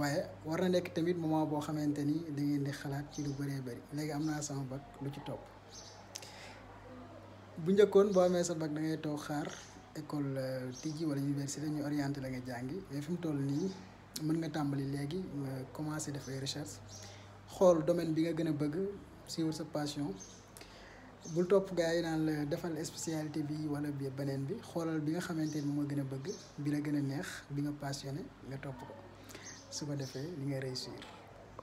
waaye war na nekk tamit moment boo xamante ni da ngeen di xalaat ci lu bëree bari léegi am naa sama bag lu ci topp bu njëkkoon boo amee sa bac da ngay toog xaar école euh, tijji wala université ñu orienté la nga jàngi mais fi mu toll nii mën nga tàmbali léegi nga commencé def recherche xool domaine bi nga gën a bëgg suivre sa passion bul topp gars yi naan la defal spécialité bi wala bi beneen bi xoolal bi nga xamante ni moom nga gën a bëgg bi la gën a neex bi nga passionné nga topp ko. su defee li ngay réussir.